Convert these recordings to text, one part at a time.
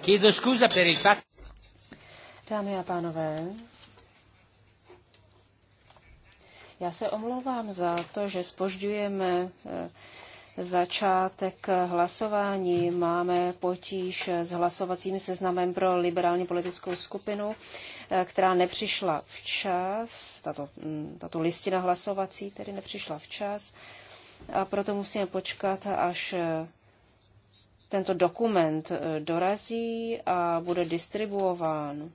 Chiedo scusa per il fatto... Dámy a pánové, já se omlouvám za to, že spožďujeme eh, začátek hlasování. Máme potíž s hlasovacím seznamem pro liberální politickou skupinu, eh, která nepřišla včas, tato, mm, tato listina hlasovací tedy nepřišla včas, a proto musíme počkat, až eh, tento dokument eh, dorazí a bude distribuován.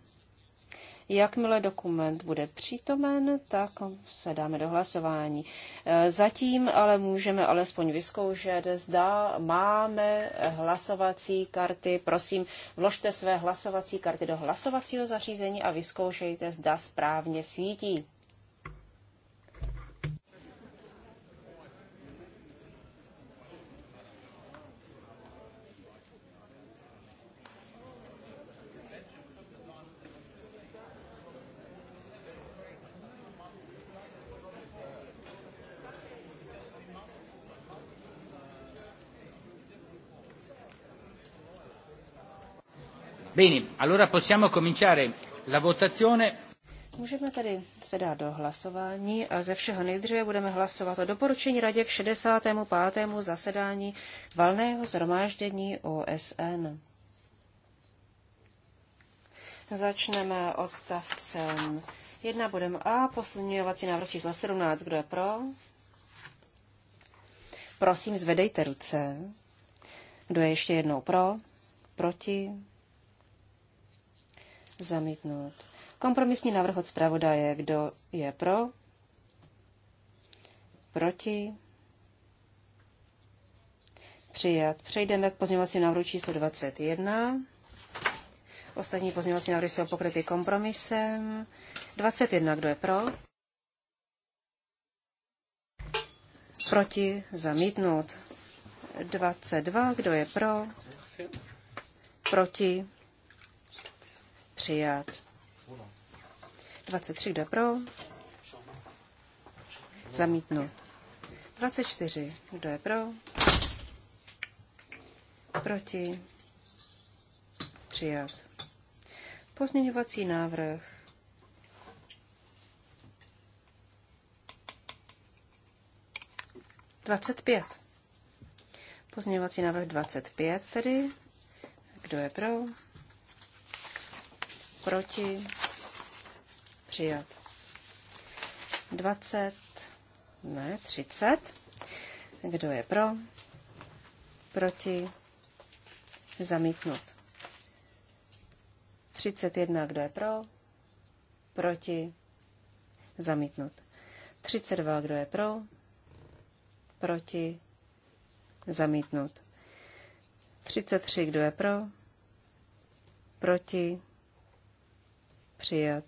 Jakmile dokument bude přítomen, tak se dáme do hlasování. Eh, zatím ale můžeme alespoň vyzkoušet, zda máme hlasovací karty. Prosím, vložte své hlasovací karty do hlasovacího zařízení a vyzkoušejte, zda správně svítí. Bene, allora possiamo cominciare la votazione. Můžeme tedy se dát do hlasování a ze všeho nejdříve budeme hlasovat o doporučení radě k 65. zasedání valného zhromáždění OSN. Začneme odstavcem 1 bodem A, posledňovací návrh číslo 17. Kdo je pro? Prosím, zvedejte ruce. Kdo je ještě jednou pro? Proti? Zamítnout. Kompromisní návrh od zpravodaje. Kdo je pro? Proti? Přijat. Přejdeme k pozměňovacím návrhu číslo 21. Ostatní pozměňovací návrhy jsou pokryty kompromisem. 21. Kdo je pro? Proti? Zamítnout. 22. Kdo je pro? Proti? Přijat. 23, kdo pro? Zamítnut. 24, kdo je pro? Proti? Přijat. Pozměňovací návrh Dvacet pět. Pozměňovací návrh 25 tedy. Kdo je pro? proti, přijat. 20, ne, 30. Kdo je pro, proti, zamítnut. 31, kdo je pro, proti, zamítnut. 32, kdo je pro, proti, zamítnut. 33, kdo je pro, proti, Přijat.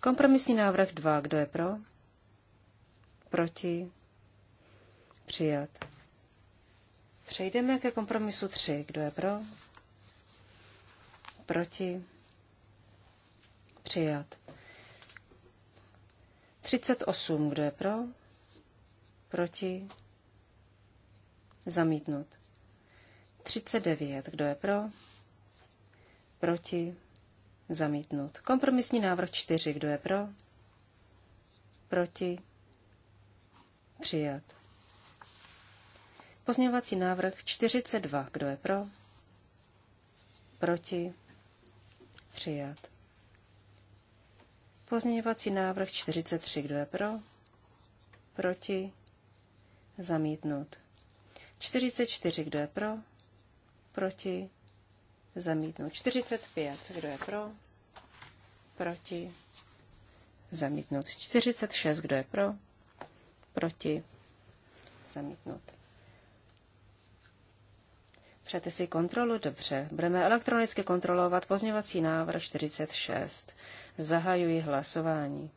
Kompromisní návrh 2. Kdo je pro? Proti? Přijat. Přejdeme ke kompromisu 3. Kdo je pro? Proti? Přijat. 38. Kdo je pro? Proti? Zamítnut. 39. Kdo je pro? Proti? Zamítnut. Kompromisní návrh 4. Kdo je pro? Proti? Přijat. Pozměňovací návrh 42. Kdo je pro? Proti? Přijat. Pozměňovací návrh 43. Kdo je pro? Proti? Zamítnut. 44. Kdo je pro? Proti? Zamítnout. 45. Kdo je pro? Proti. Zamítnout. 46. Kdo je pro? Proti. Zamítnout. Přejete si kontrolu? Dobře. Budeme elektronicky kontrolovat pozněvací návrh 46. Zahajuji hlasování.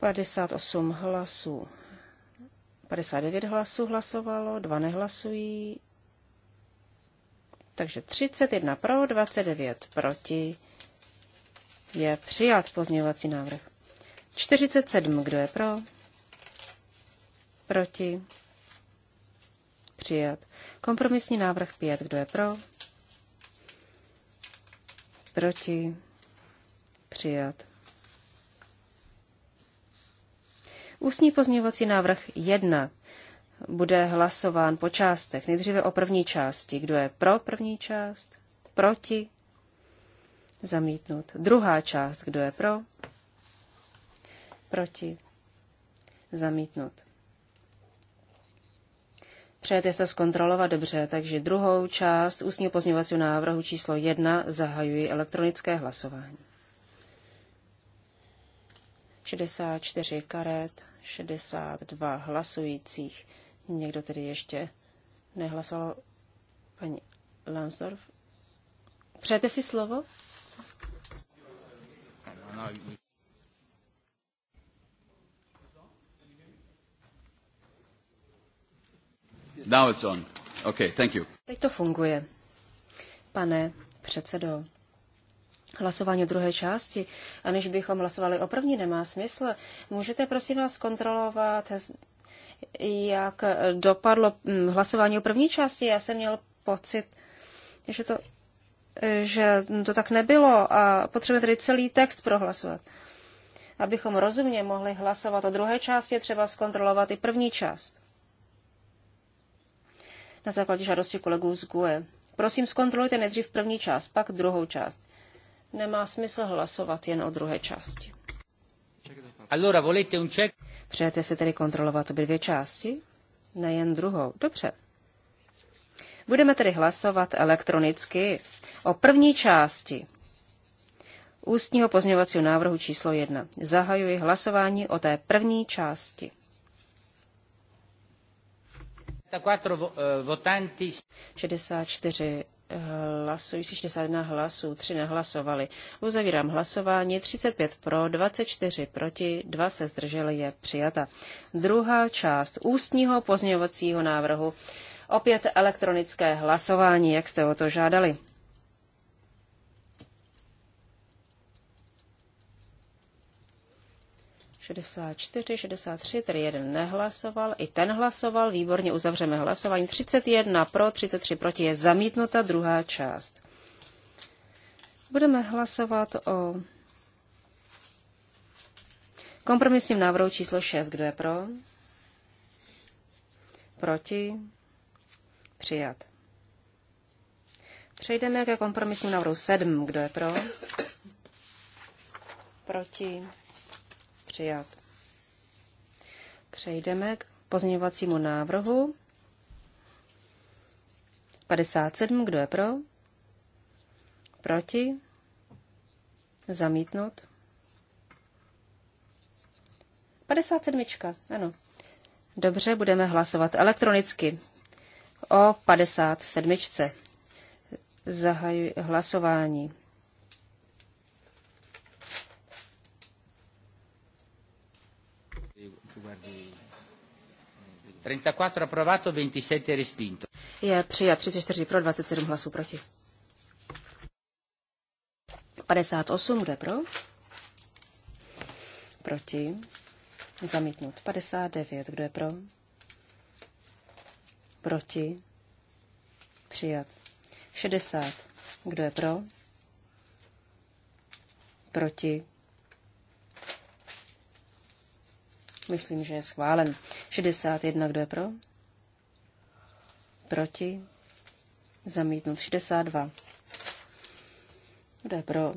Padesát osm hlasů 59 hlasů hlasovalo, 2 nehlasují. Takže 31 pro, 29 proti je přijat pozměňovací návrh. 47, kdo je pro? Proti? Přijat. Kompromisní návrh 5, kdo je pro? Proti? Přijat. Ústní pozměňovací návrh 1 bude hlasován po částech. Nejdříve o první části. Kdo je pro první část? Proti? Zamítnut. Druhá část. Kdo je pro? Proti? Zamítnut. Přejete se zkontrolovat dobře, takže druhou část ústního pozměňovacího návrhu číslo 1 zahajuji elektronické hlasování. 64 karet, 62 hlasujících. Někdo tedy ještě nehlasoval? Paní Lansdorf? Přejete si slovo? Now it's on. Okay, thank you. Teď to funguje. Pane předsedo, hlasování o druhé části, aniž bychom hlasovali o první, nemá smysl. Můžete prosím vás kontrolovat, jak dopadlo hm, hlasování o první části? Já jsem měl pocit, že to, že to tak nebylo a potřebujeme tedy celý text prohlasovat. Abychom rozumně mohli hlasovat o druhé části, třeba zkontrolovat i první část. Na základě žádosti kolegů z GUE. Prosím, zkontrolujte nejdřív první část, pak druhou část nemá smysl hlasovat jen o druhé části. Allora, volete un check? Přejete si tedy kontrolovat obě dvě části? Nejen druhou. Dobře. Budeme tedy hlasovat elektronicky o první části ústního pozměňovacího návrhu číslo 1. Zahajuji hlasování o té první části. 64 hlasující 61 hlasů, 3 nehlasovali. Uzavírám hlasování, 35 pro, 24 proti, 2 se zdrželi, je přijata. Druhá část ústního pozměňovacího návrhu, opět elektronické hlasování, jak jste o to žádali. 64, 63, tedy jeden nehlasoval, i ten hlasoval, výborně uzavřeme hlasování. 31 pro, 33 proti je zamítnuta druhá část. Budeme hlasovat o kompromisním návrhu číslo 6. Kdo je pro? Proti? Přijat. Přejdeme ke kompromisním návrhu 7. Kdo je pro? Proti? přijat. Přejdeme k pozměňovacímu návrhu 57. Kdo je pro? Proti? Zamítnout? 57. Ano. Dobře, budeme hlasovat elektronicky o 57. Zahajuji hlasování. 34 approvato, 27 respinto. Je přijat 34 pro, 27 hlasů proti. 58, kde pro? Proti. Zamítnut. 59, kdo je pro? Proti. Přijat. 60, kdo je pro? Proti. Myslím, že je schválen. 61, kdo je pro? Proti? Zamítnut. 62. Kdo je pro?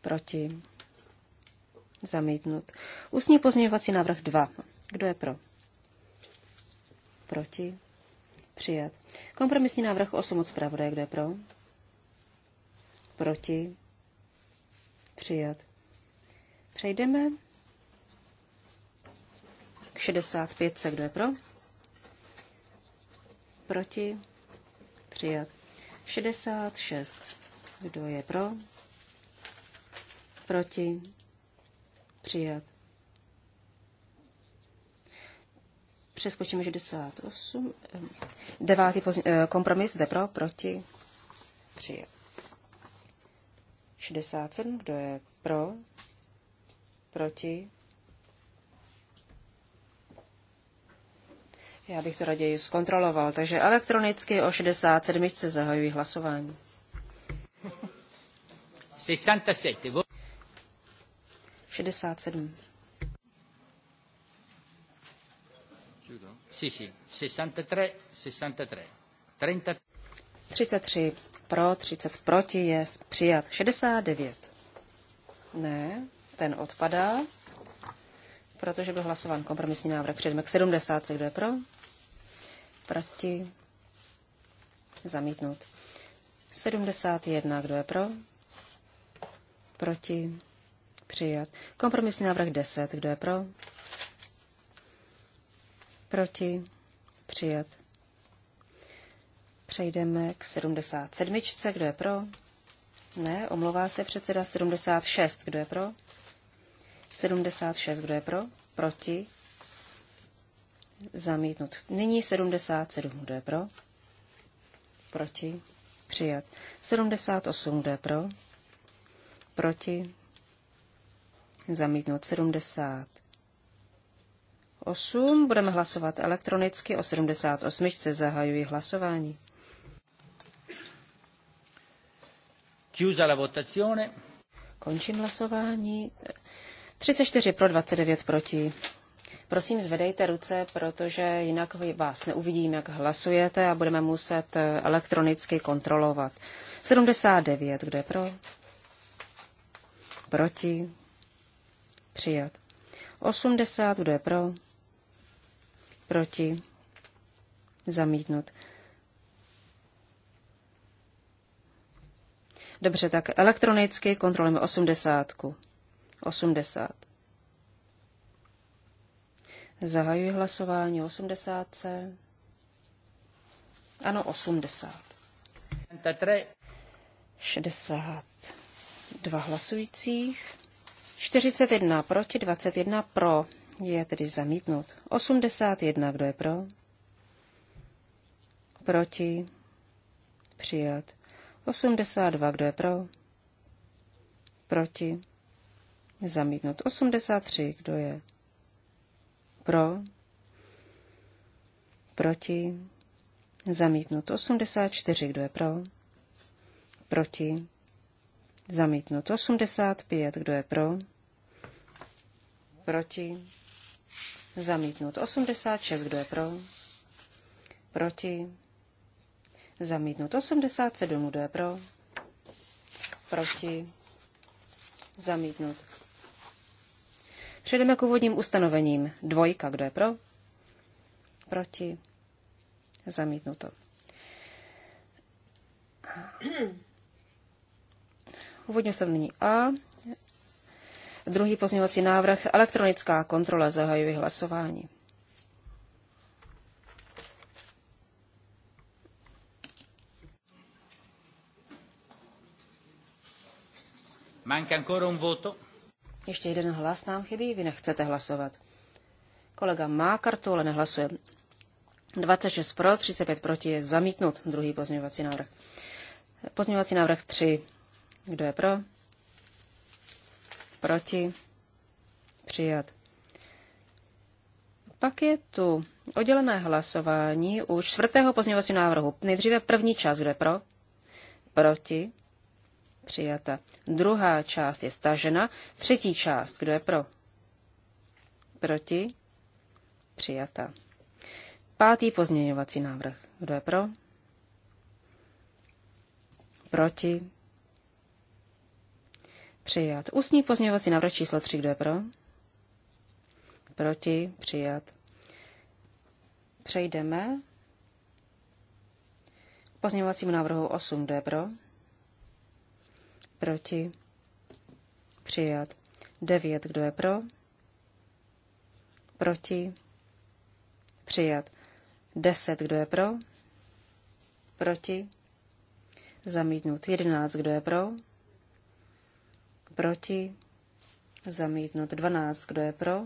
Proti? Zamítnut. Ústní pozměňovací návrh 2. Kdo je pro? Proti? Přijat. Kompromisní návrh 8 od zpravodaje. Kdo je pro? Proti? Přijat. Přejdeme 65 se kdo je pro? Proti? Přijat. 66. Kdo je pro? Proti? Přijat. Přeskočíme 68. Devátý pozdě, eh, kompromis jde pro, proti, přijat. 67. Kdo je pro? Proti? Já bych to raději zkontroloval. Takže elektronicky o 67. zahajují hlasování. 67. 67. Sì, sì, 63, 63. 30... 33 pro, 30 proti je přijat. 69. Ne, ten odpadá, protože byl hlasován kompromisní návrh. předmek k 70. Kdo je pro? Proti? zamítnout. 71. Kdo je pro? Proti? Přijat. Kompromisní návrh 10. Kdo je pro? Proti? Přijat. Přejdeme k 77. Kdo je pro? Ne, omlouvá se předseda 76. Kdo je pro? 76. Kdo je pro? Proti? Zamítnut. Nyní 77. Kdo je pro? Proti. Přijat. 78. Kdo je pro? Proti. Zamítnout 78. Budeme hlasovat elektronicky o 78. Zahajuji hlasování. Chiusa la votazione. Končím hlasování. 34 pro 29 proti. Prosím, zvedejte ruce, protože jinak vás neuvidím, jak hlasujete a budeme muset eh, elektronicky kontrolovat. 79, kde pro? Proti? Přijat. 80, kdo je pro? Proti? Zamítnut. Dobře, tak elektronicky kontrolujeme 80. 80. Zahajuji hlasování 80. Ano, 80. 62 hlasujících. 41 proti, 21 pro. Je tedy zamítnut. 81, kdo je pro? Proti. Přijat. 82, kdo je pro? Proti. Zamítnut. 83, kdo je pro. Proti. Zamítnut 84. Kdo je pro? Proti. Zamítnut 85. Kdo je pro? Proti. Zamítnut 86. Kdo je pro? Proti. Zamítnut 87. Kdo je pro? Proti. Zamítnut Přejdeme k úvodním ustanovením. Dvojka, kdo je pro? Proti? Zamítnuto. Úvodní ustanovení A. Druhý pozměňovací návrh. Elektronická kontrola zahajuje hlasování. Manca ancora un voto. Ještě jeden hlas nám chybí, vy nechcete hlasovat. Kolega má kartu, ale nehlasuje. 26 pro, 35 proti je zamítnut druhý pozměňovací návrh. Pozměňovací návrh 3. Kdo je pro? Proti? Přijat. Pak je tu oddělené hlasování u čtvrtého pozměňovacího návrhu. Nejdříve první část, kdo je pro? Proti? Přijata. Druhá část je stažena. Třetí část, kdo je pro? Proti? Přijata. Pátý pozměňovací návrh. Kdo je pro? Proti? Přijat. Ústní pozměňovací návrh číslo 3. Kdo je pro? Proti? Přijat. Přejdeme k pozměňovacímu návrhu 8. Kdo je pro? proti, přijat. 9, kdo je pro, proti, přijat. 10, kdo je pro, proti, zamítnut. 11, kdo je pro, proti, zamítnut. 12, kdo je pro,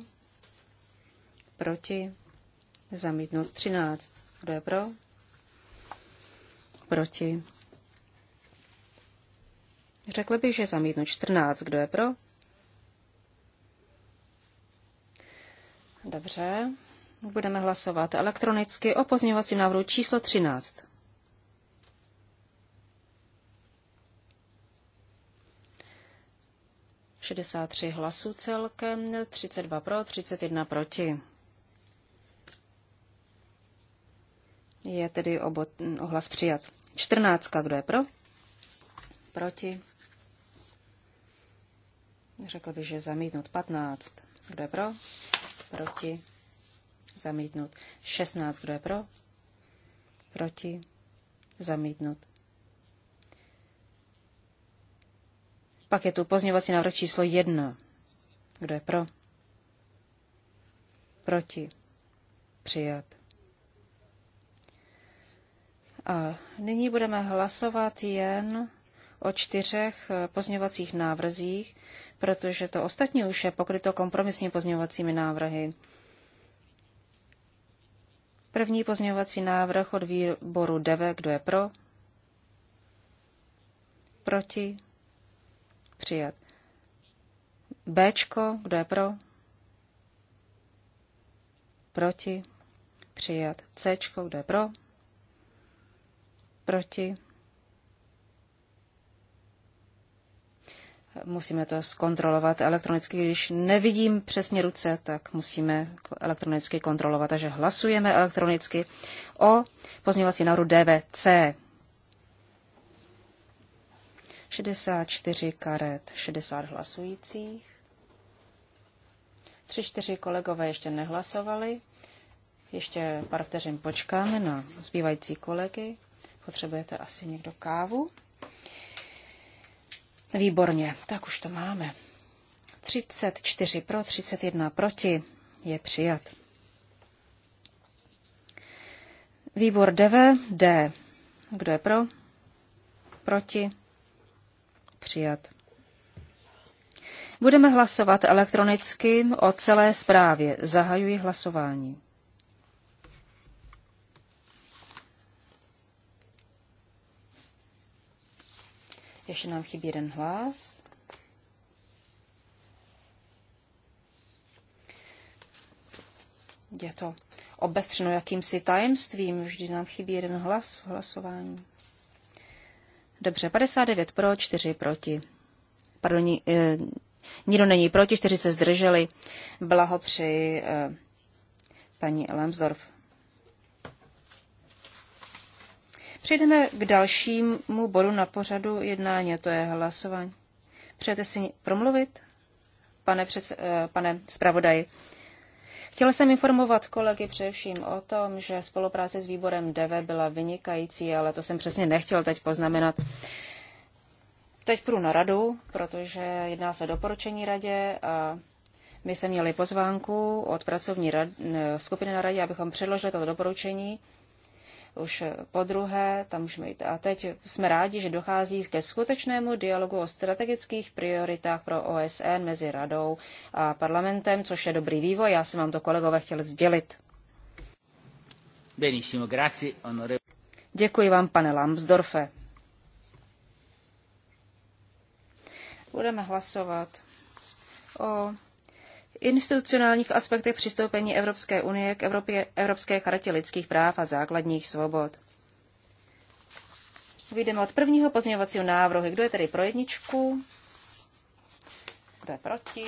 proti, zamítnut. 13, kdo je pro, proti, Řekl bych, že zamítnu 14. Kdo je pro? Dobře. Budeme hlasovat elektronicky o pozměňovacím návrhu číslo 13. Šedesát tři hlasů celkem, 32 pro, 31 proti. Je tedy obot, ohlas přijat. 14. Kdo je pro? Proti? Řekl bych, že zamítnut 15. Kdo je pro? Proti. Zamítnut 16. Kdo je pro? Proti. Zamítnut. Pak je tu pozměňovací návrh číslo 1. Kdo je pro? Proti. Přijat. A nyní budeme hlasovat jen o čtyřech eh, pozměňovacích návrzích, protože to ostatní už je pokryto kompromisními pozměňovacími návrhy. První pozměňovací návrh od výboru DEVE, kdo je pro? Proti? Přijat. Bčko, kdo je pro? Proti? Přijat. Cčko, kdo je pro? Proti? Musíme to zkontrolovat elektronicky. Když nevidím přesně ruce, tak musíme elektronicky kontrolovat. Takže hlasujeme elektronicky o pozměňovací návrhu DVC. 64 karet, 60 hlasujících. 3 čtyři kolegové ještě nehlasovali. Ještě pár vteřin počkáme na zbývající kolegy. Potřebujete asi někdo kávu? Výborně, tak už to máme. 34 pro, 31 proti je přijat. Výbor DV, D. Kdo je pro? Proti? Přijat. Budeme hlasovat elektronicky o celé zprávě. Zahajuji hlasování. Ještě nám chybí jeden hlas. Je to obestřeno jakýmsi tajemstvím, vždy nám chybí jeden hlas v hlasování. Dobře, 59 pro, 4 proti. Pardon, e, nikdo není proti, 4 se zdrželi. Blahopřeji e, paní Lemsdorf. Přejdeme k dalšímu bodu na pořadu jednání, a to je hlasování. Přejete si promluvit, pane, před, eh, pane zpravodaji? Chtěla jsem informovat kolegy především o tom, že spolupráce s výborem DV byla vynikající, ale to jsem přesně nechtěl teď poznamenat. Teď půjdu na radu, protože jedná se o doporučení radě a my jsme měli pozvánku od pracovní rad, eh, skupiny na radě, abychom předložili toto doporučení už po druhé, tam můžeme jít. A teď jsme rádi, že dochází ke skutečnému dialogu o strategických prioritách pro OSN mezi radou a parlamentem, což je dobrý vývoj. Já jsem vám to, kolegové, chtěl sdělit. Benissimo, grazie, onore... Děkuji vám, pane Lambsdorfe. Budeme hlasovat o institucionálních aspektech přistoupení Evropské unie k Evropě, Evropské chartě lidských práv a základních svobod. Vyjdeme od prvního pozměňovacího návrhu. Kdo je tedy pro jedničku? Kdo je proti?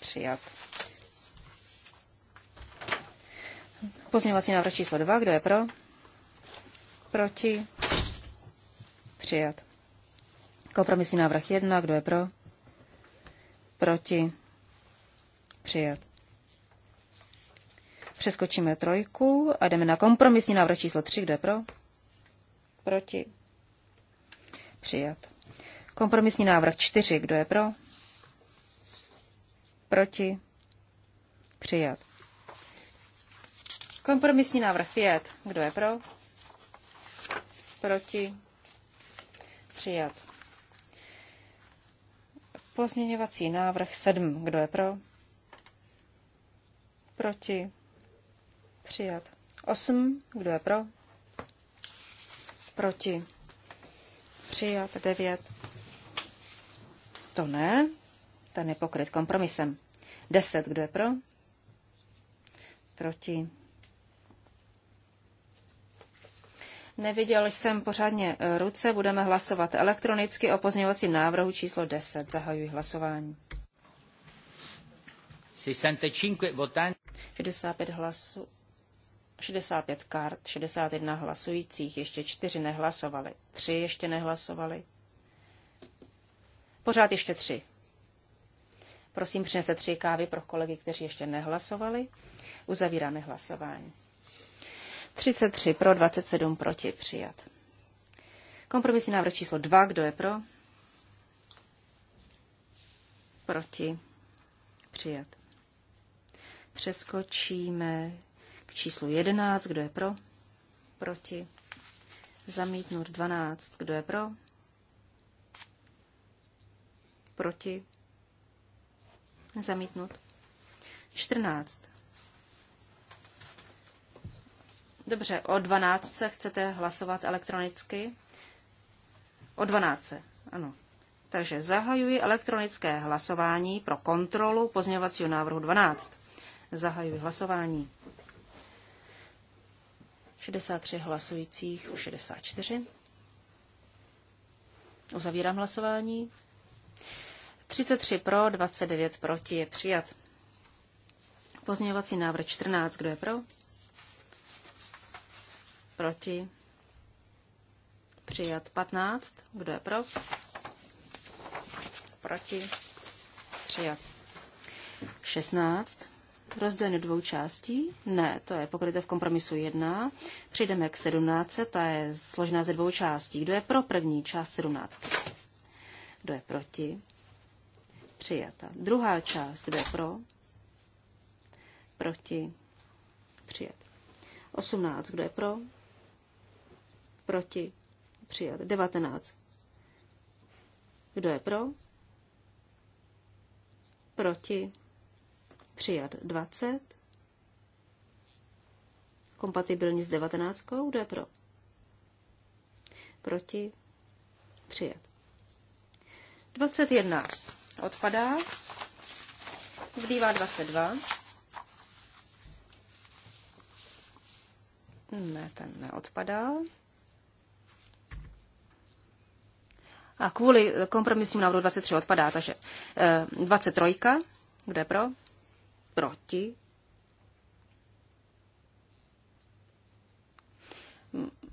Přijat. Pozměňovací návrh číslo 2. Kdo je pro? Proti? Přijat. Kompromisní návrh 1. Kdo je pro? Proti? přijat. Přeskočíme trojku a jdeme na kompromisní návrh číslo 3. Kdo je pro? Proti? Přijat. Kompromisní návrh 4. Kdo je pro? Proti? Přijat. Kompromisní návrh 5. Kdo je pro? Proti? Přijat. Pozměňovací návrh 7. Kdo je pro? Proti. Přijat. 8. Kdo je pro? Proti. Přijat. 9. To ne. Ten je pokryt kompromisem. 10. Kdo je pro? Proti. Neviděl jsem pořádně eh, ruce. Budeme hlasovat elektronicky o pozměňovacím návrhu číslo 10. Zahajuji hlasování. 65 votanti. 65 hlasů, 65 kart, 61 hlasujících, ještě 4 nehlasovali, 3 ještě nehlasovali. Pořád ještě 3. Prosím, přineste tři kávy pro kolegy, kteří ještě nehlasovali. Uzavíráme hlasování. 33 pro, 27 proti, přijat. Kompromisní návrh číslo 2, kdo je pro? Proti, přijat. Přeskočíme k číslu 11. Kdo je pro? Proti? Zamítnout 12. Kdo je pro? Proti? Zamítnout. 14. Dobře, o 12 chcete hlasovat elektronicky? O 12, ano. Takže zahajuji elektronické hlasování pro kontrolu pozměňovacího návrhu 12. Zahajuji hlasování. 63 hlasujících, 64. Uzavírám hlasování. 33 pro, 29 proti je přijat. Pozměňovací návrh 14. Kdo je pro? Proti. Přijat 15. Kdo je pro? Proti. Přijat 16 rozdělen do dvou částí? Ne, to je pokryté v kompromisu 1. Přijdeme k 17, ta je složená ze dvou částí. Kdo je pro první část 17? Kdo je proti? Přijata. Druhá část, kdo je pro? Proti? Přijat. 18, kdo je pro? Proti? Přijat. 19. Kdo je pro? Proti? Přijat 20. Kompatibilní s 19. Kdo je pro? Proti? Přijat. 21. Odpadá. Zbývá 22. Ne, ten neodpadá. A kvůli kompromisnímu návrhu 23 odpadá, takže e, 23, kde pro? proti.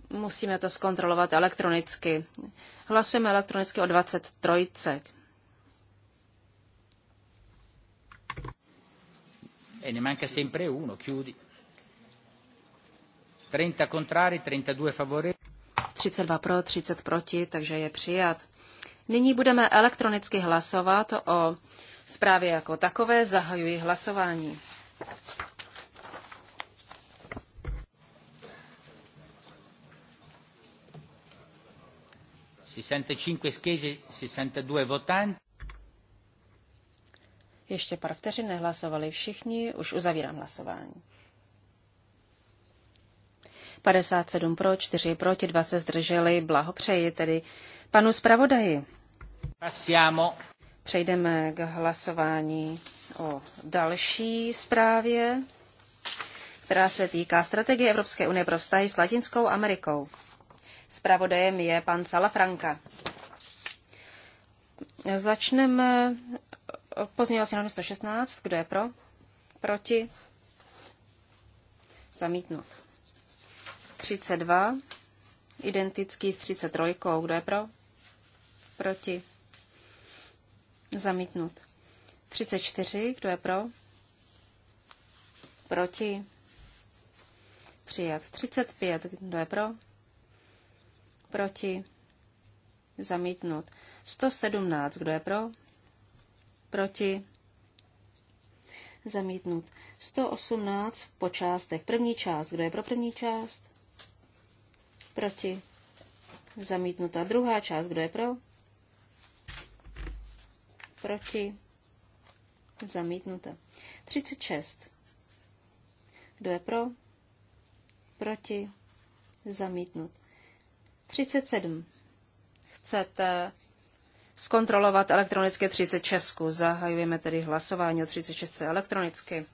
Musíme to zkontrolovat elektronicky. Hlasujeme elektronicky o 23. E ne manca sempre uno, chiudi. 30 contrari, 32 favorevoli. 32 pro, 30 proti, takže je přijat. Nyní budeme elektronicky hlasovat o zprávě jako takové zahajuji hlasování. Ještě pár vteřin nehlasovali všichni, už uzavírám hlasování. 57 pro, 4 proti, 2 se zdrželi. Blahopřeji tedy panu zpravodaji. Passiamo Přejdeme k hlasování o další zprávě, která se týká strategie Evropské unie pro vztahy s Latinskou Amerikou. Spravodajem je pan Salafranka. Začneme pozměňovací návrh 116. Kdo je pro? Proti? Zamítnut. 32. Identický s 33. Kdo je pro? Proti? Zamítnut. 34. Kdo je pro? Proti. Přijat. 35. Kdo je pro? Proti. Zamítnut. 117. Kdo je pro? Proti. Zamítnut. 118 po částech. První část. Kdo je pro první část? Proti. Zamítnuta. Druhá část. Kdo je pro? proti, zamítnuto. 36. Kdo je pro, proti, zamítnut. 37. Chcete zkontrolovat elektronicky 36. Zahajujeme tedy hlasování o 36 elektronicky.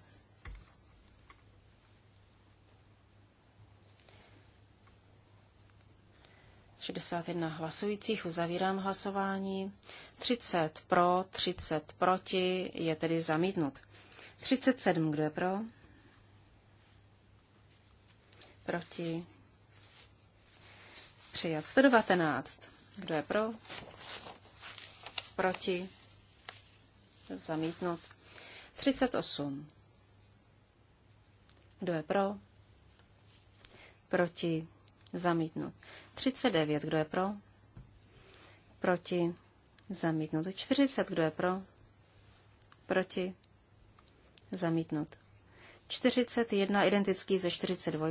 61 hlasujících, uzavírám hlasování. 30 pro, 30 proti, je tedy zamítnut. 37, kdo je pro? Proti. Přijat 119. Kdo je pro? Proti. Zamítnut. 38. Kdo je pro? Proti. Zamítnut. 39, kdo je pro? Proti. Zamítnut. 40, kdo je pro? Proti. Zamítnut. 41, identický se 42.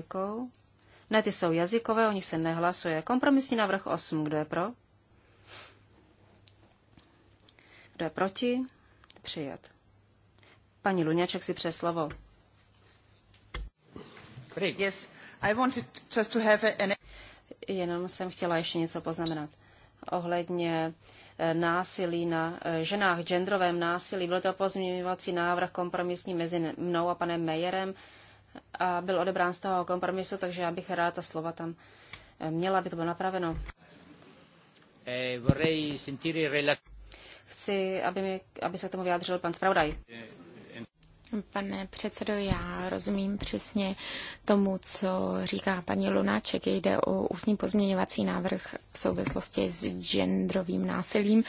Ne, ty jsou jazykové, o nich se nehlasuje. Kompromisní návrh 8, kdo je pro? Kdo je proti? Přijat. Paní Luňaček si slovo. Yes, I wanted just to have an... Jenom jsem chtěla ještě něco poznamenat ohledně eh, násilí na eh, ženách, genderovém násilí. Byl to pozměňovací návrh kompromisní mezi mnou a panem Mejerem a byl odebrán z toho kompromisu, takže já bych ráda ta slova tam eh, měla, aby to bylo napraveno. Chci, aby, mi, aby se k tomu vyjádřil pan zpravodaj. Pane předsedo, já rozumím přesně tomu, co říká paní Lunáček. Jde o ústní pozměňovací návrh v souvislosti s genderovým násilím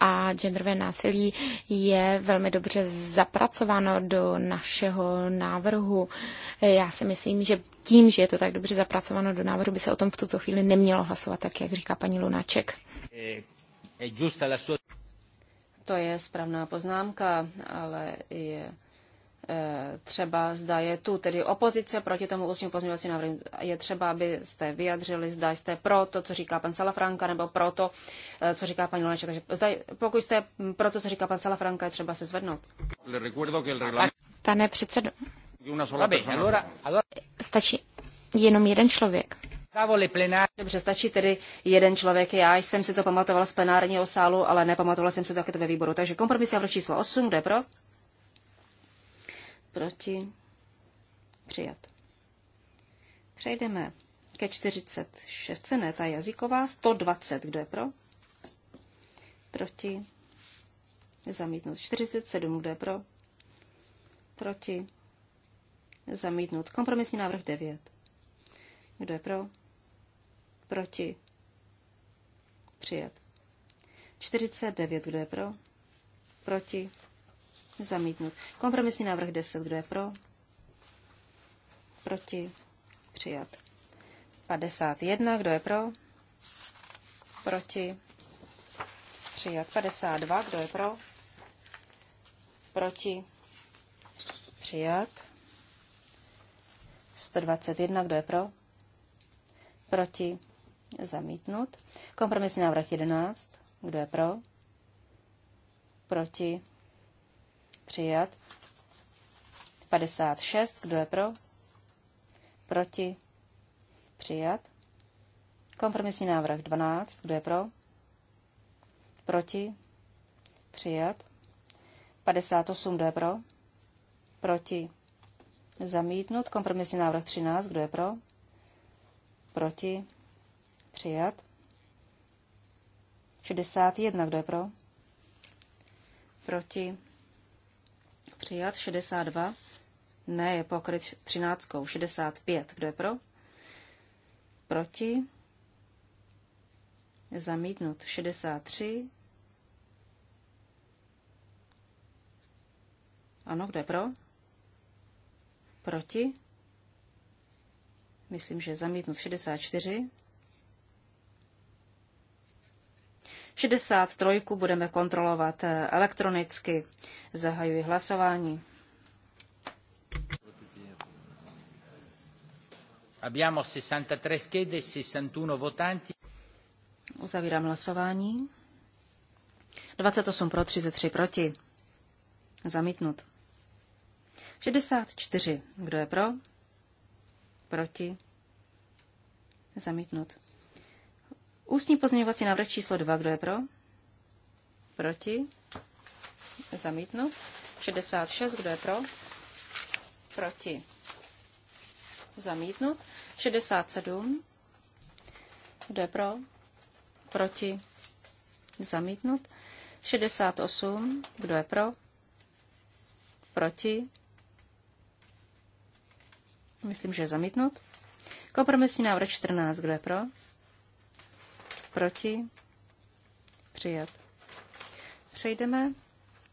a genderové násilí je velmi dobře zapracováno do našeho návrhu. Já si myslím, že tím, že je to tak dobře zapracováno do návrhu, by se o tom v tuto chvíli nemělo hlasovat, tak jak říká paní Lunáček. Eh, eh, to je správná poznámka, ale je E, třeba, zda je tu tedy opozice proti tomu ústnímu pozměňovací návrhu. Je třeba, abyste vyjadřili, zda jste pro to, co říká pan Salafranka, nebo pro to, e, co říká paní Lunaček. Takže zda, pokud jste pro to, co říká pan Salafranka, je třeba se zvednout. Pane předsedo, stačí jenom jeden člověk. Dobře, stačí tedy jeden člověk. Já jsem si to pamatovala z plenárního sálu, ale nepamatovala jsem si to také ve výboru. Takže kompromis je číslo 8, kde pro? proti, přijat. Přejdeme ke 46, ne ta jazyková, 120, kdo je pro, proti, zamítnut. 47, kdo je pro, proti, zamítnut. Kompromisní návrh 9. Kdo je pro? Proti. Přijat. 49. Kdo je pro? Proti. Zamítnut. Kompromisní návrh 10. Kdo je pro? Proti? Přijat. 51. Kdo je pro? Proti? Přijat. 52. Kdo je pro? Proti? Přijat. 121. Kdo je pro? Proti? Zamítnut. Kompromisní návrh 11. Kdo je pro? Proti? Přijat. 56. Kdo je pro? Proti? Přijat. Kompromisní návrh 12. Kdo je pro? Proti? Přijat. 58. Kdo je pro? Proti? Zamítnut. Kompromisní návrh 13. Kdo je pro? Proti? Přijat. 61. Kdo je pro? Proti? Přijat 62. Ne, je pokryt 13. 65. Kdo je pro? Proti? Zamítnut 63. Ano, kdo je pro? Proti? Myslím, že zamítnut 64. 63 budeme kontrolovat eh, elektronicky. Zahajuji hlasování. Abbiamo 63 schede, 61 votanti. Uzavírám hlasování. 28 pro, 33 proti. Zamítnut. 64. Kdo je pro? Proti? Zamítnut. Ústní pozměňovací návrh číslo 2. Kdo je pro? Proti? Zamítnu. 66. Kdo je pro? Proti? Zamítnu. 67. Kdo je pro? Proti? Zamítnut. 68. Kdo je pro? Proti? Myslím, že je zamítnut. Kompromisní návrh 14. Kdo je pro? proti, přijat. Přejdeme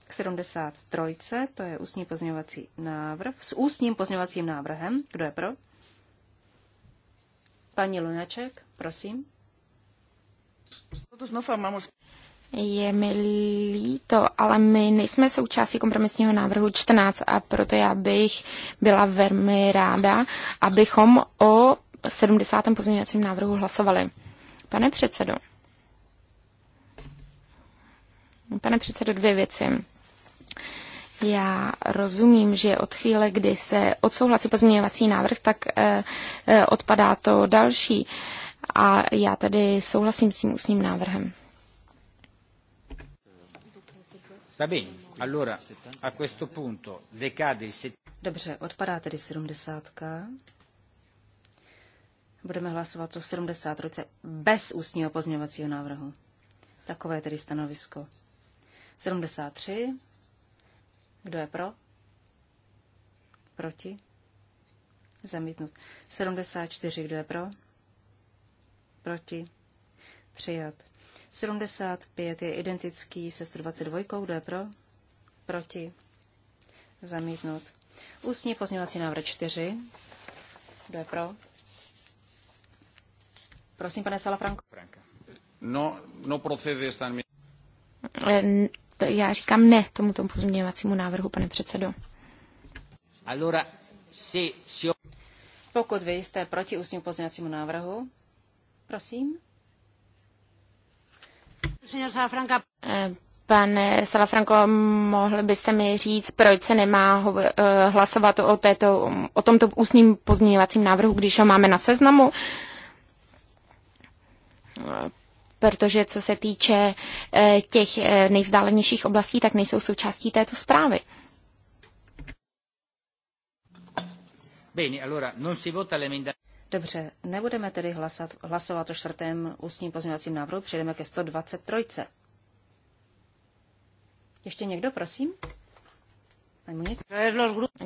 k 73, to je ústní pozměňovací návrh, s ústním pozměňovacím návrhem. Kdo je pro? Paní Lunaček, prosím. Je mi líto, ale my nejsme součástí kompromisního návrhu 14 a proto já bych byla velmi ráda, abychom o 70. pozměňovacím návrhu hlasovali. Pane předsedo, pane předsedo, dvě věci. Já rozumím, že od chvíle, kdy se odsouhlasí pozměňovací návrh, tak eh, eh, odpadá to další. A já tedy souhlasím s tím ústním návrhem. Dobře, odpadá tedy 70. Budeme hlasovat o 70 roce bez ústního pozměňovacího návrhu. Takové je tedy stanovisko. 73. Kdo je pro? Proti? Zamítnut. 74. Kdo je pro? Proti? Přijat. 75 je identický se 122. Kdo je pro? Proti? Zamítnut. Ústní pozměňovací návrh 4. Kdo je pro? Prosím, pane Salafranco. No, no procede esta... Eh, já říkám ne tomuto pozměňovacímu návrhu, pane předsedo. Allora, si... Pokud vy jste proti ústnímu pozměňovacímu návrhu, prosím. Eh, pane Salafranco, mohl byste mi říct, proč se nemá eh, hlasovat o, této, o tomto ústním pozměňovacím návrhu, když ho máme na seznamu? Uh, protože co se týče eh, těch eh, nejvzdálenějších oblastí, tak nejsou součástí této zprávy. Dobře, nebudeme tedy hlasat, hlasovat o čtvrtém ústním pozměňovacím návrhu, přejdeme ke 123. Ještě někdo, prosím?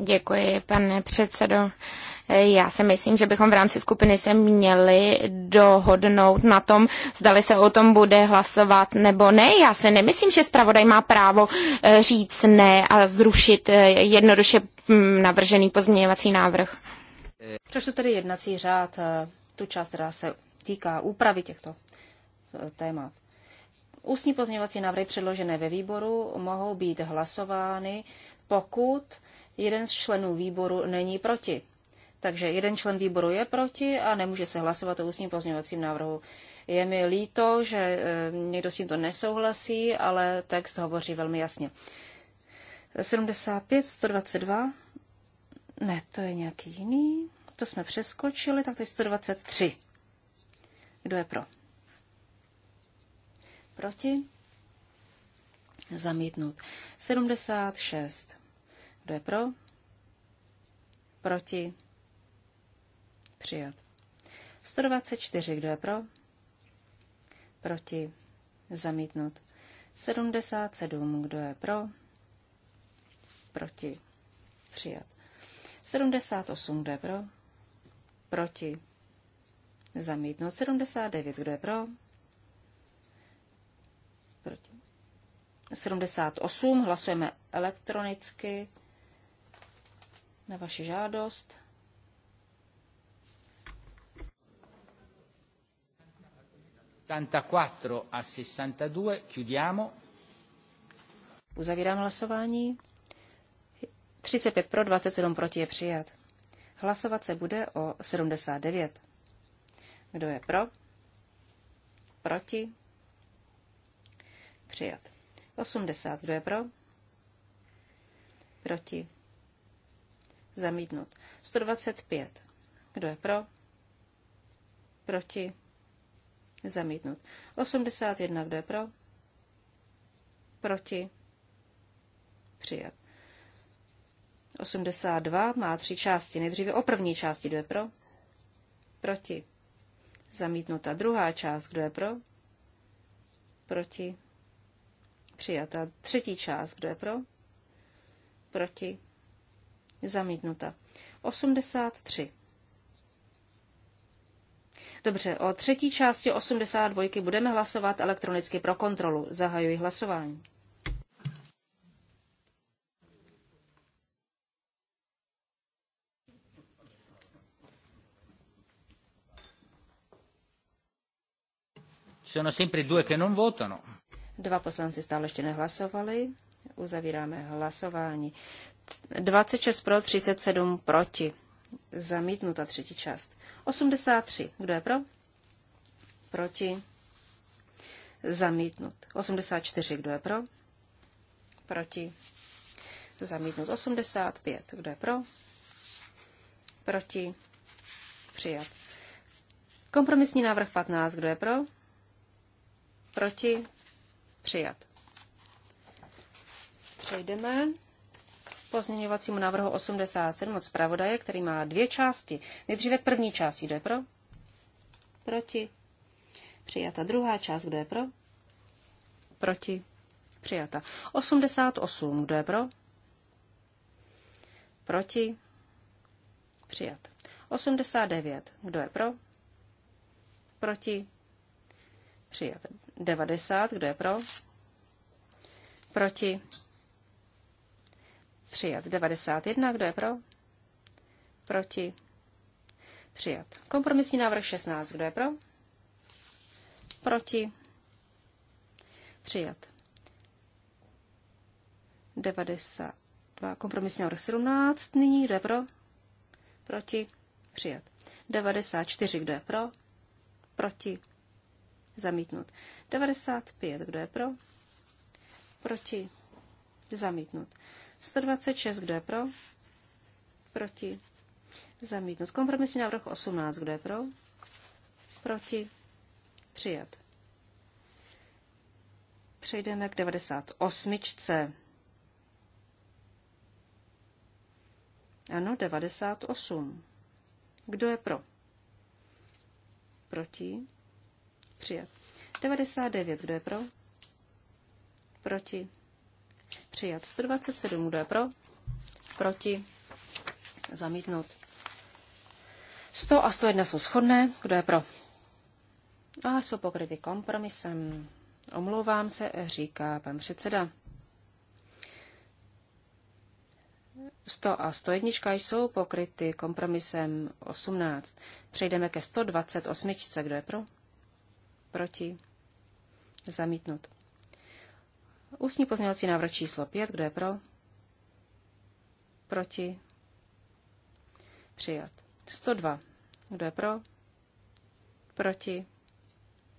Děkuji, pane předsedo. Já si myslím, že bychom v rámci skupiny se měli dohodnout na tom, zdali se o tom bude hlasovat nebo ne. Já si nemyslím, že zpravodaj má právo eh, říct ne a zrušit eh, jednoduše hm, navržený pozměňovací návrh. Přečtu tedy jednací řád, eh, tu část, která se týká úpravy těchto témat. Ústní pozměňovací návrhy předložené ve výboru mohou být hlasovány pokud jeden z členů výboru není proti. Takže jeden člen výboru je proti a nemůže se hlasovat o ústním pozměňovacím návrhu. Je mi líto, že e, někdo s tímto nesouhlasí, ale text hovoří velmi jasně. 75, 122, ne, to je nějaký jiný, to jsme přeskočili, tak to je 123. Kdo je pro? Proti? Zamítnout. 76. Kdo je pro? Proti? Přijat. 124. Kdo je pro? Proti? Zamítnut. 77. Kdo je pro? Proti? Přijat. 78. Kdo je pro? Proti? Zamítnout 79. Kdo je pro? Proti. 78. Hlasujeme elektronicky na vaši žádost. a 62, Uzavírám hlasování. 35 pro, 27 proti je přijat. Hlasovat se bude o 79. Kdo je pro? Proti? Přijat. 80. Kdo je pro? Proti? Zamítnut. 125. Kdo je pro? Proti? Zamítnut. 81. Kdo je pro? Proti? Přijat. 82 má tři části. Nejdříve o první části. Kdo je pro? Proti? Zamítnuta. Druhá část. Kdo je pro? Proti? Přijata. Třetí část. Kdo je pro? Proti? Zamítnuta. 83. Dobře, o třetí části 82 budeme hlasovat elektronicky pro kontrolu. Zahajuji hlasování. Sono sempre due che non votano. Dva poslanci stále ještě nehlasovali. Uzavíráme hlasování. 26 pro, 37 proti. Zamítnuta třetí část. 83. Kdo je pro? Proti. Zamítnut. 84. Kdo je pro? Proti. Zamítnut. 85. Kdo je pro? Proti. Přijat. Kompromisní návrh 15. Kdo je pro? Proti. Přijat. Přejdeme pozměňovacímu návrhu 87 od zpravodaje, který má dvě části. Nejdříve k první části. Kdo je pro? Proti. Přijata druhá část. Kdo je pro? Proti. Přijata. 88. Kdo je pro? Proti. Přijat. 89. Kdo je pro? Proti. Přijat. 90. Kdo je pro? Proti. Přijat. 91. Kdo je pro? Proti. Přijat. Kompromisní návrh 16. Kdo je pro? Proti. Přijat. 92. Kompromisní návrh 17. Nyní kdo je pro? Proti. Přijat. 94. Kdo je pro? Proti. Zamítnut. 95. Kdo je pro? Proti. Zamítnut. 126, kdo je pro? Proti. Zamítnout. Kompromisní návrh 18, kdo je pro? Proti. Přijat. Přejdeme k 98. Ano, 98. Kdo je pro? Proti. Přijat. 99. Kdo je pro? Proti. Přijat 127, kdo je pro? Proti? Zamítnut. 100 a 101 jsou shodné, kdo je pro? A jsou pokryty kompromisem. Omlouvám se, říká pan předseda. 100 a 101 jsou pokryty kompromisem 18. Přejdeme ke 128. Kdo je pro? Proti? Zamítnut. Ústní pozměňovací návrh číslo 5. Kdo je pro? Proti? Přijat. 102. Kdo je pro? Proti?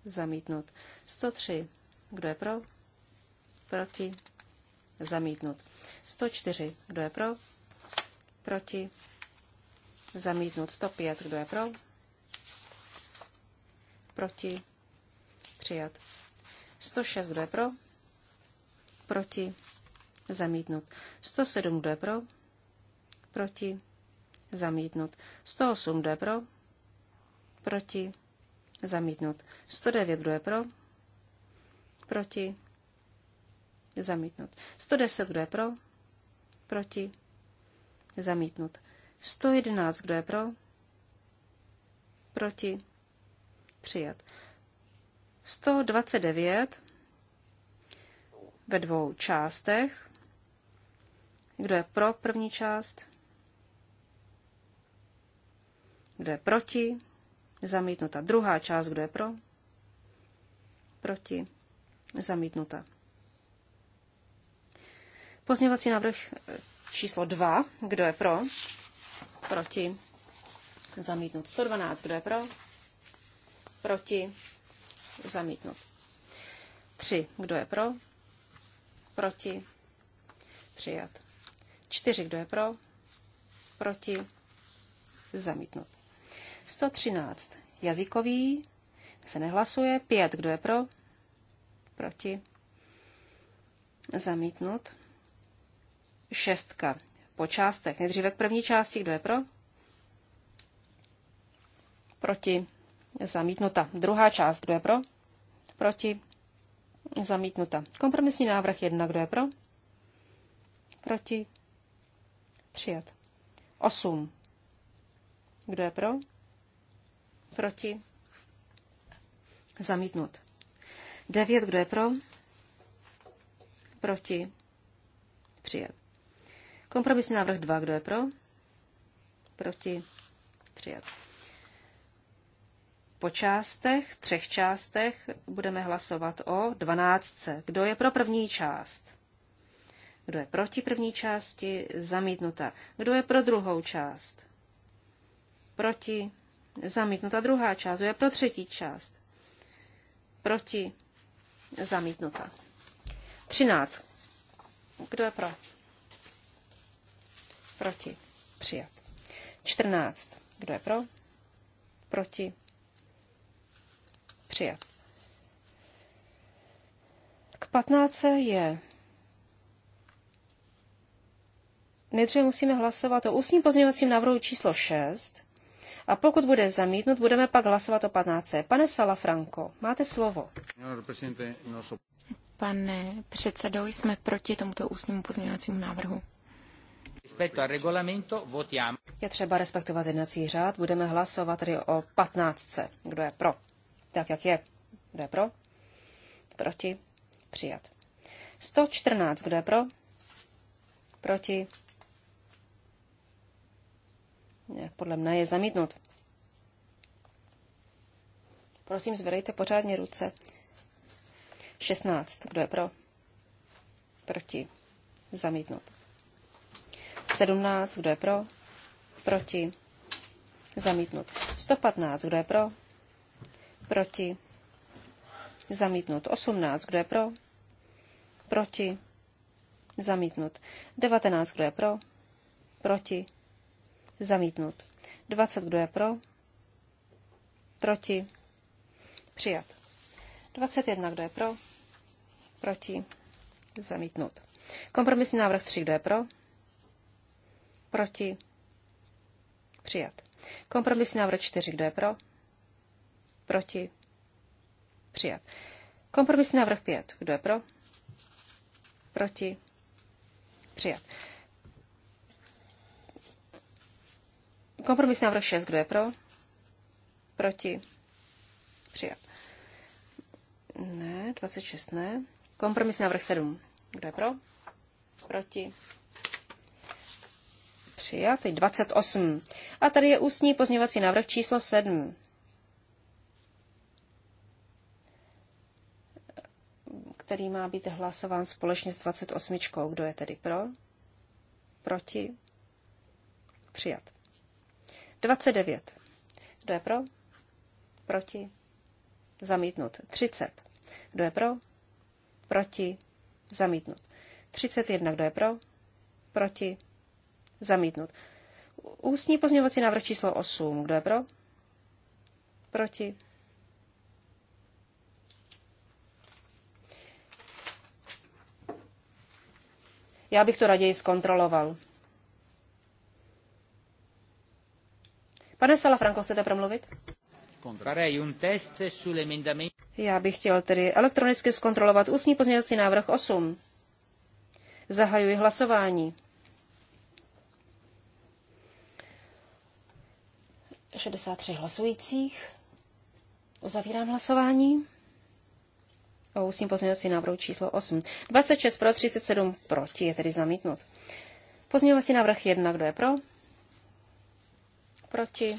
Zamítnut. 103. Kdo je pro? Proti? Zamítnut. 104. Kdo je pro? Proti? Zamítnut. 105. Kdo je pro? Proti? Přijat. 106. Kdo je pro? proti, zamítnut. 107, kdo je pro, proti, zamítnut. 108, kdo je pro, proti, zamítnut. 109, kdo je pro, proti, zamítnut. 110, kdo je pro, proti, zamítnut. 111, kdo je pro, proti, přijat. 129, ve dvou částech. Kdo je pro první část? Kdo je proti? Zamítnuta. Druhá část, kdo je pro? Proti. Zamítnuta. Pozměňovací návrh číslo 2. Kdo je pro? Proti. Zamítnut. 112. Kdo je pro? Proti. Zamítnut. 3. Kdo je pro? Proti? Přijat. Čtyři, Kdo je pro? Proti? Zamítnut. 113. Jazykový? Se nehlasuje. pět Kdo je pro? Proti? Zamítnut. Šestka. Po částech. Nejdříve k první části. Kdo je pro? Proti. Zamítnuta. Druhá část. Kdo je pro? Proti. Zamítnuta. Kompromisní návrh 1. Kdo je pro? Proti? Přijat. 8. Kdo je pro? Proti? Zamítnut. 9. Kdo je pro? Proti? Přijat. Kompromisní návrh 2. Kdo je pro? Proti? Přijat po částech, třech částech budeme hlasovat o dvanáctce. Kdo je pro první část? Kdo je proti první části? Zamítnuta. Kdo je pro druhou část? Proti. Zamítnuta druhá část. Kdo je pro třetí část? Proti. Zamítnuta. Třináct. Kdo je pro? Proti. Přijat. Čtrnáct. Kdo je pro? Proti. Přijat. K 15 je Nejdříve musíme hlasovat o ústním pozměňovacím návrhu číslo 6 a pokud bude zamítnut, budeme pak hlasovat o 15. Pane Salafranco, máte slovo. Pane předsedo, jsme proti tomuto ústnímu pozměňovacímu návrhu. Je třeba respektovat jednací řád, budeme hlasovat tedy o 15. Kdo je pro? tak, jak je. Kdo je pro? Proti? Přijat. 114. Kdo je pro? Proti? Ne, podle mne je zamítnut. Prosím, zvedejte pořádně ruce. 16. Kdo je pro? Proti. Zamítnut. 17. Kdo je pro? Proti. Zamítnut. 115. Kdo je pro? Proti. Zamítnut. 18. Kdo je pro? Proti. Zamítnut. 19. Kdo je pro? Proti. Zamítnut. 20. Kdo je pro? Proti. Přijat. 21. Kdo je pro? Proti. Zamítnut. Kompromisní návrh 3. Kdo je pro? Proti. Přijat. Kompromisní návrh 4. Kdo je pro? Proti? Přijat. Kompromisní návrh 5. Kdo je pro? Proti? Přijat. Kompromisní návrh 6. Kdo je pro? Proti? Přijat. Ne, 26 ne. Kompromisní návrh 7. Kdo je pro? Proti? Přijat. Teď 28. A tady je ústní pozměňovací návrh číslo 7. který má být hlasován společně s 28. Kdo je tedy pro? Proti? Přijat. 29. Kdo je pro? Proti? Zamítnut. 30. Kdo je pro? Proti? Zamítnut. 31. Kdo je pro? Proti? Zamítnut. Ústní pozměňovací návrh číslo 8. Kdo je pro? Proti? Já bych to raději zkontroloval. Pane Salafranko, chcete promluvit? Já bych chtěl tedy elektronicky zkontrolovat ústní pozměňovací návrh 8. Zahajuji hlasování. 63 hlasujících. Uzavírám hlasování o pozměňovací návrh číslo 8. 26 pro, 37 proti, je tedy zamítnut. Pozměňovací návrh 1, kdo je pro? Proti?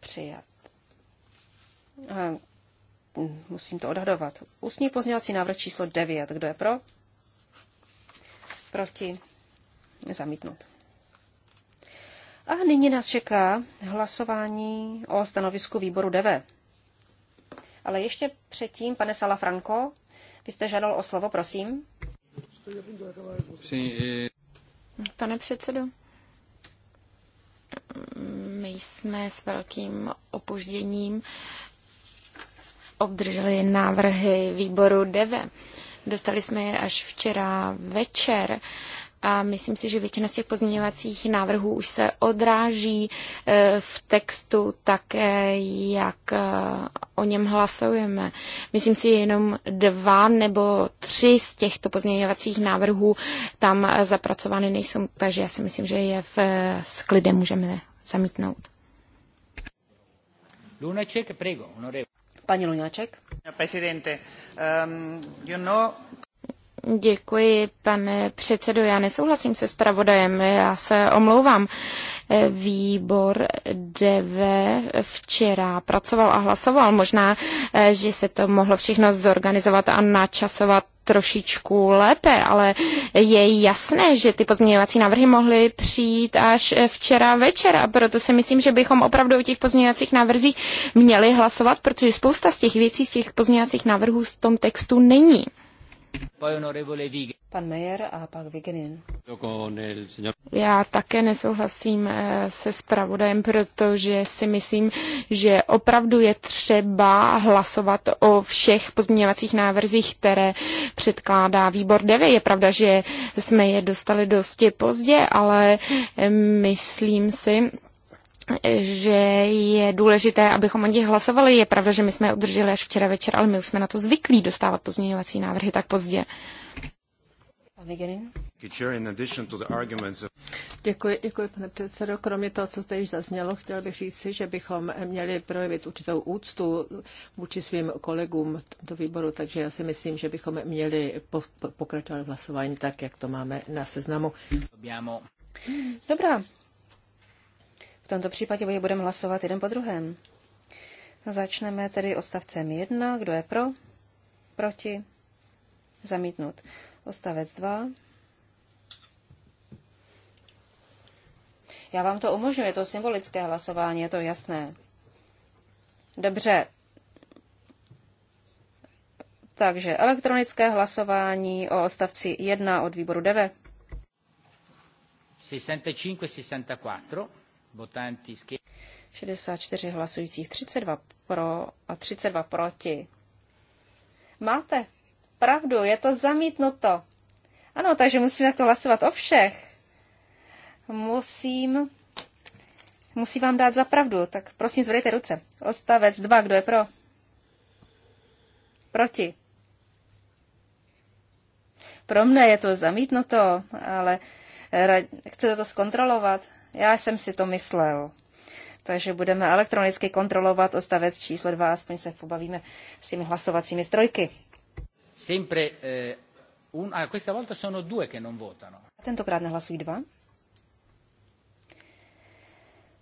Přijat. A hm, musím to odhadovat. Ústní pozměňovací návrh číslo 9, kdo je pro? Proti? Zamítnut. A nyní nás čeká hlasování o stanovisku výboru DV. Ale ještě předtím, pane Franco, vy jste žádal o slovo, prosím. Eh, pane předsedo, my jsme s velkým opožděním obdrželi návrhy výboru DEVE. Dostali jsme je až včera večer a myslím si, že většina z těch pozměňovacích návrhů už se odráží eh, v textu také, jak eh, o něm hlasujeme. Myslím si, jenom dva nebo tři z těchto pozměňovacích návrhů tam zapracovány nejsou, takže já si myslím, že je v, eh, sklidě, můžeme zamítnout. Lunaček, prego, Pani Lunaček. Presidente, um, ehm, you know... Děkuji, pane předsedo. Já nesouhlasím se zpravodajem, já se omlouvám. Výbor DV včera pracoval a hlasoval. Možná, eh, že se to mohlo všechno zorganizovat a načasovat trošičku lépe, ale je jasné, že ty pozměňovací návrhy mohly přijít až eh, včera večer a proto si myslím, že bychom opravdu o těch pozměňovacích návrzích měli hlasovat, protože spousta z těch věcí, z těch pozměňovacích návrhů v tom textu není. Pan Mayer a pak Vigenin. Já také nesouhlasím eh, se zpravodajem, protože si myslím, že opravdu je třeba hlasovat o všech pozměňovacích návrzích, které předkládá výbor 9. Je pravda, že jsme je dostali dosti pozdě, ale eh, myslím si, že je důležité, abychom o nich hlasovali. Je pravda, že my jsme je obdrželi až včera večer, ale my už jsme na to zvyklí dostávat pozměňovací návrhy tak pozdě. Děkuji, děkuji, pane předsedo. Kromě toho, co zde již zaznělo, chtěl bych si, že bychom měli projevit určitou úctu vůči svým kolegům do výboru, takže já si myslím, že bychom měli pokračovat v hlasování tak, jak to máme na seznamu. Dobrá, v tomto případě o budeme hlasovat jeden po druhém. Začneme tedy odstavcem 1. Kdo je pro? Proti? Zamítnut. Odstavec 2. Já vám to umožňuji, je to symbolické hlasování, je to jasné. Dobře. Takže elektronické hlasování o odstavci 1 od výboru 9. 65, 64. 64 hlasujících, 32 pro a 32 proti. Máte pravdu, je to zamítnuto. Ano, takže musím takto hlasovat o všech. Musím, musím vám dát za pravdu, tak prosím zvedejte ruce. Ostavec 2, kdo je pro? Proti. Pro mne je to zamítnuto, ale chcete to zkontrolovat? Já jsem si to myslel. Takže budeme elektronicky kontrolovat ostavec číslo 2, aspoň se pobavíme s těmi hlasovacími strojky. Sempre, eh, un, a questa volta sono due che non votano. Tentokrát nehlasují dva.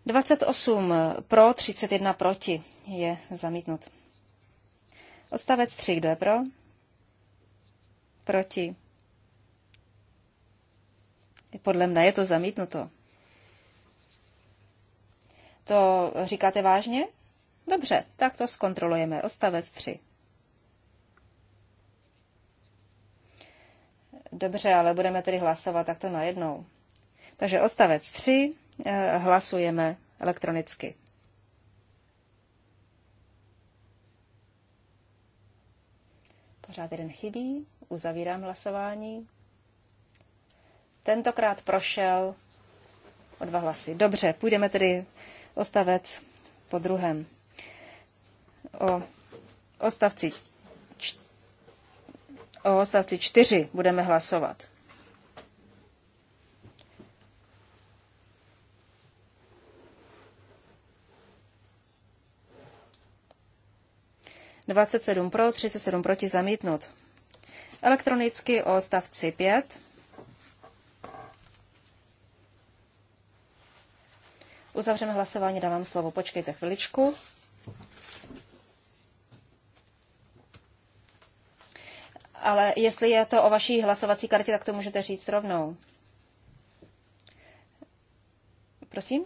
28 pro, 31 proti je zamítnut. Odstavec 3, kdo je pro? Proti. Podle mne je to zamítnuto. To říkáte vážně? Dobře, tak to zkontrolujeme. Odstavec 3. Dobře, ale budeme tedy hlasovat takto najednou. Takže odstavec 3 eh, hlasujeme elektronicky. Pořád jeden chybí, uzavírám hlasování. Tentokrát prošel o dva hlasy. Dobře, půjdeme tedy odstavec po druhém. O odstavci, č- o odstavci čtyři budeme hlasovat. Dvacet sedm pro, třicet sedm proti zamítnut. Elektronicky o odstavci pět. Uzavřeme hlasování, dávám slovo. Počkejte chviličku. Ale jestli je to o vaší hlasovací kartě, tak to můžete říct rovnou. Prosím?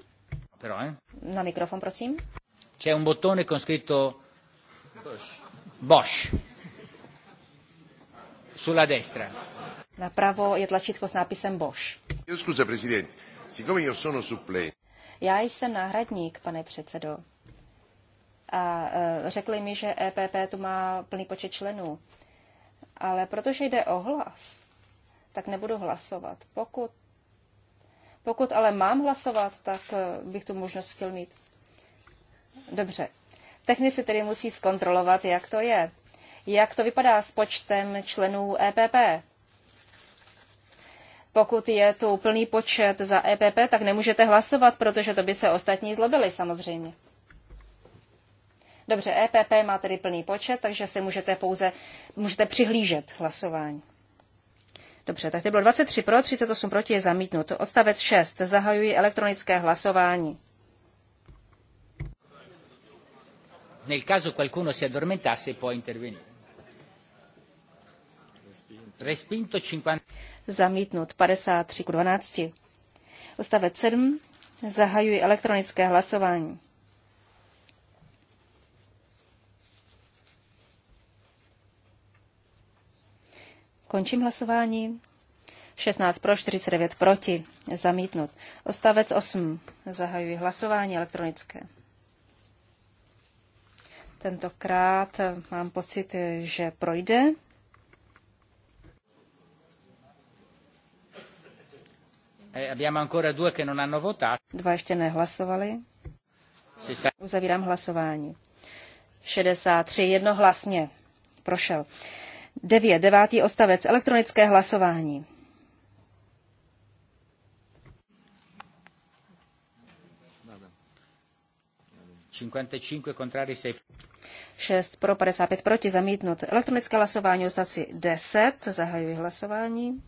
Eh? Na mikrofon, prosím. C'è un bottone con scritto Bosch. Sulla destra. Napravo je tlačítko s nápisem Bosch. Scusa, presidente, siccome io sono supplente. Já jsem náhradník, pane předsedo. A e, řekli mi, že EPP tu má plný počet členů. Ale protože jde o hlas, tak nebudu hlasovat. Pokud, pokud ale mám hlasovat, tak e, bych tu možnost chtěl mít. Dobře. Technici tedy musí zkontrolovat, jak to je. Jak to vypadá s počtem členů EPP? Pokud je tu plný počet za EPP, tak nemůžete hlasovat, protože to by se ostatní zlobili samozřejmě. Dobře, EPP má tedy plný počet, takže si můžete pouze můžete přihlížet hlasování. Dobře, tak to bylo 23 pro, 38 proti je zamítnuto. Odstavec 6. Zahajuji elektronické hlasování. Nel caso qualcuno si addormentasse può intervenire. Respinto 50. Zamítnut 53 k 12. Odstavec 7. Zahajuji elektronické hlasování. Končím hlasování. 16 pro, 49 proti. Zamítnut. Odstavec 8. Zahajuji hlasování elektronické. Tentokrát eh, mám pocit, eh, že projde. Eh, abbiamo ancora due che non hanno votato. Dva ještě nehlasovali. Uzavírám hlasování. 63 jednohlasně. Prošel. 9. Devátý ostavec. Elektronické hlasování. Contrary, 6 pro, 55 proti, zamítnut. Elektronické hlasování o 10. Zahajuji hlasování.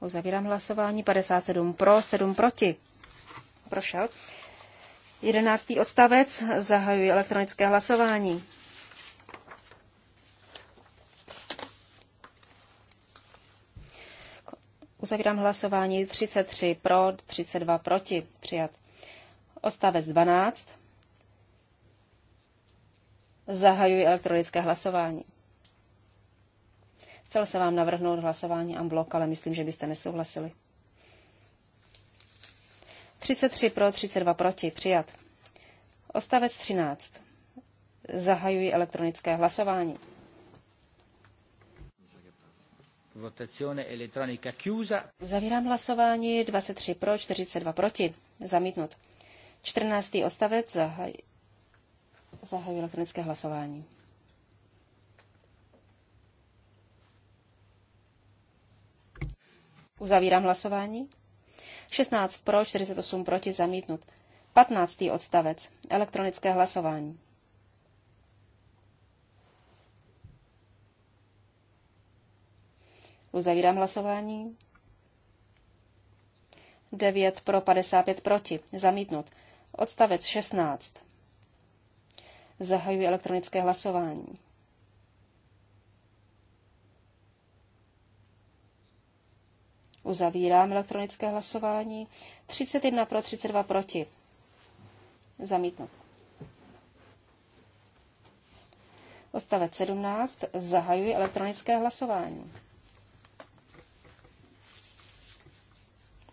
Uzavírám hlasování 57 pro, 7 proti. Prošel. Jedenáctý odstavec. Zahajuji elektronické hlasování. Uzavírám hlasování 33 pro, 32 proti. Přijat. Odstavec 12. Zahajuji elektronické hlasování. Chtěl se vám navrhnout hlasování amblok, ale myslím, že byste nesouhlasili. 33 pro, 32 proti. Přijat. Ostavec 13. Zahajuji elektronické hlasování. Votazione elettronica chiusa. Zavírám hlasování 23 pro, 42 proti. Zamítnut. 14. ostavec zahaj... zahajuji elektronické hlasování. Uzavírám hlasování. 16 pro, 48 proti, zamítnut. 15. odstavec. Elektronické hlasování. Uzavírám hlasování. 9 pro, 55 proti, zamítnut. Odstavec 16. Zahajuji elektronické hlasování. Uzavírám elektronické hlasování. 31 pro, 32 proti. Zamítnut. Ostavec 17. Zahajuji elektronické hlasování.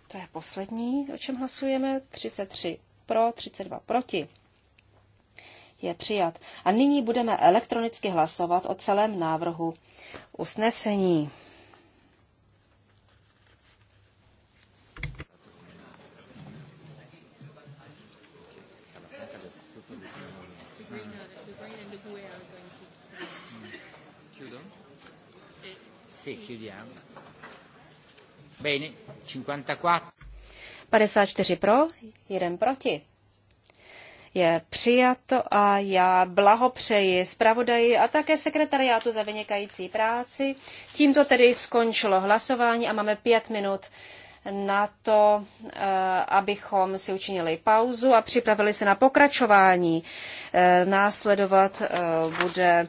To je poslední, o čem hlasujeme. 33 pro, 32 proti. Je přijat. A nyní budeme elektronicky hlasovat o celém návrhu usnesení. Grazie, chiudiamo. Bene, 54. 54 pro, jeden proti. Je přijato a já blahopřeji zpravodaji a také sekretariátu za vynikající práci. Tímto tedy skončilo hlasování a máme pět minut na to, eh, abychom si učinili pauzu a připravili se na pokračování. Eh, následovat eh, bude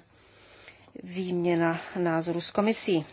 výměna názoru s komisí.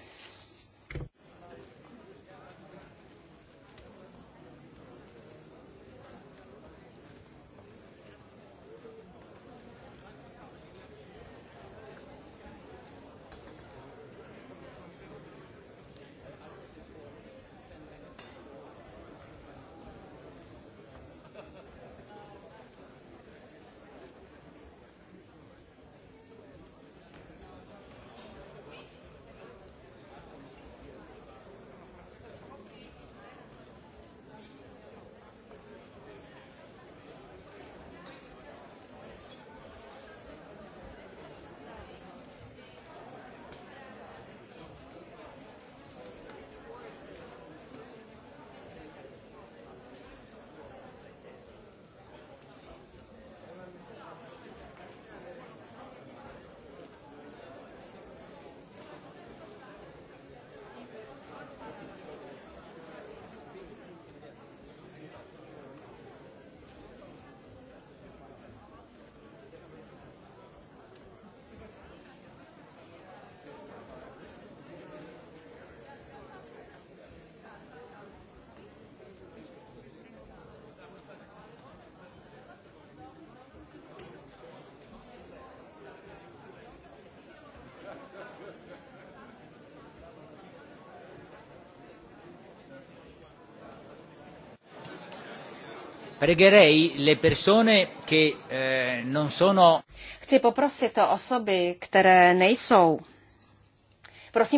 Pregherei le persone che eh, non sono... Chci poprosit o osoby, které nejsou. Prosím,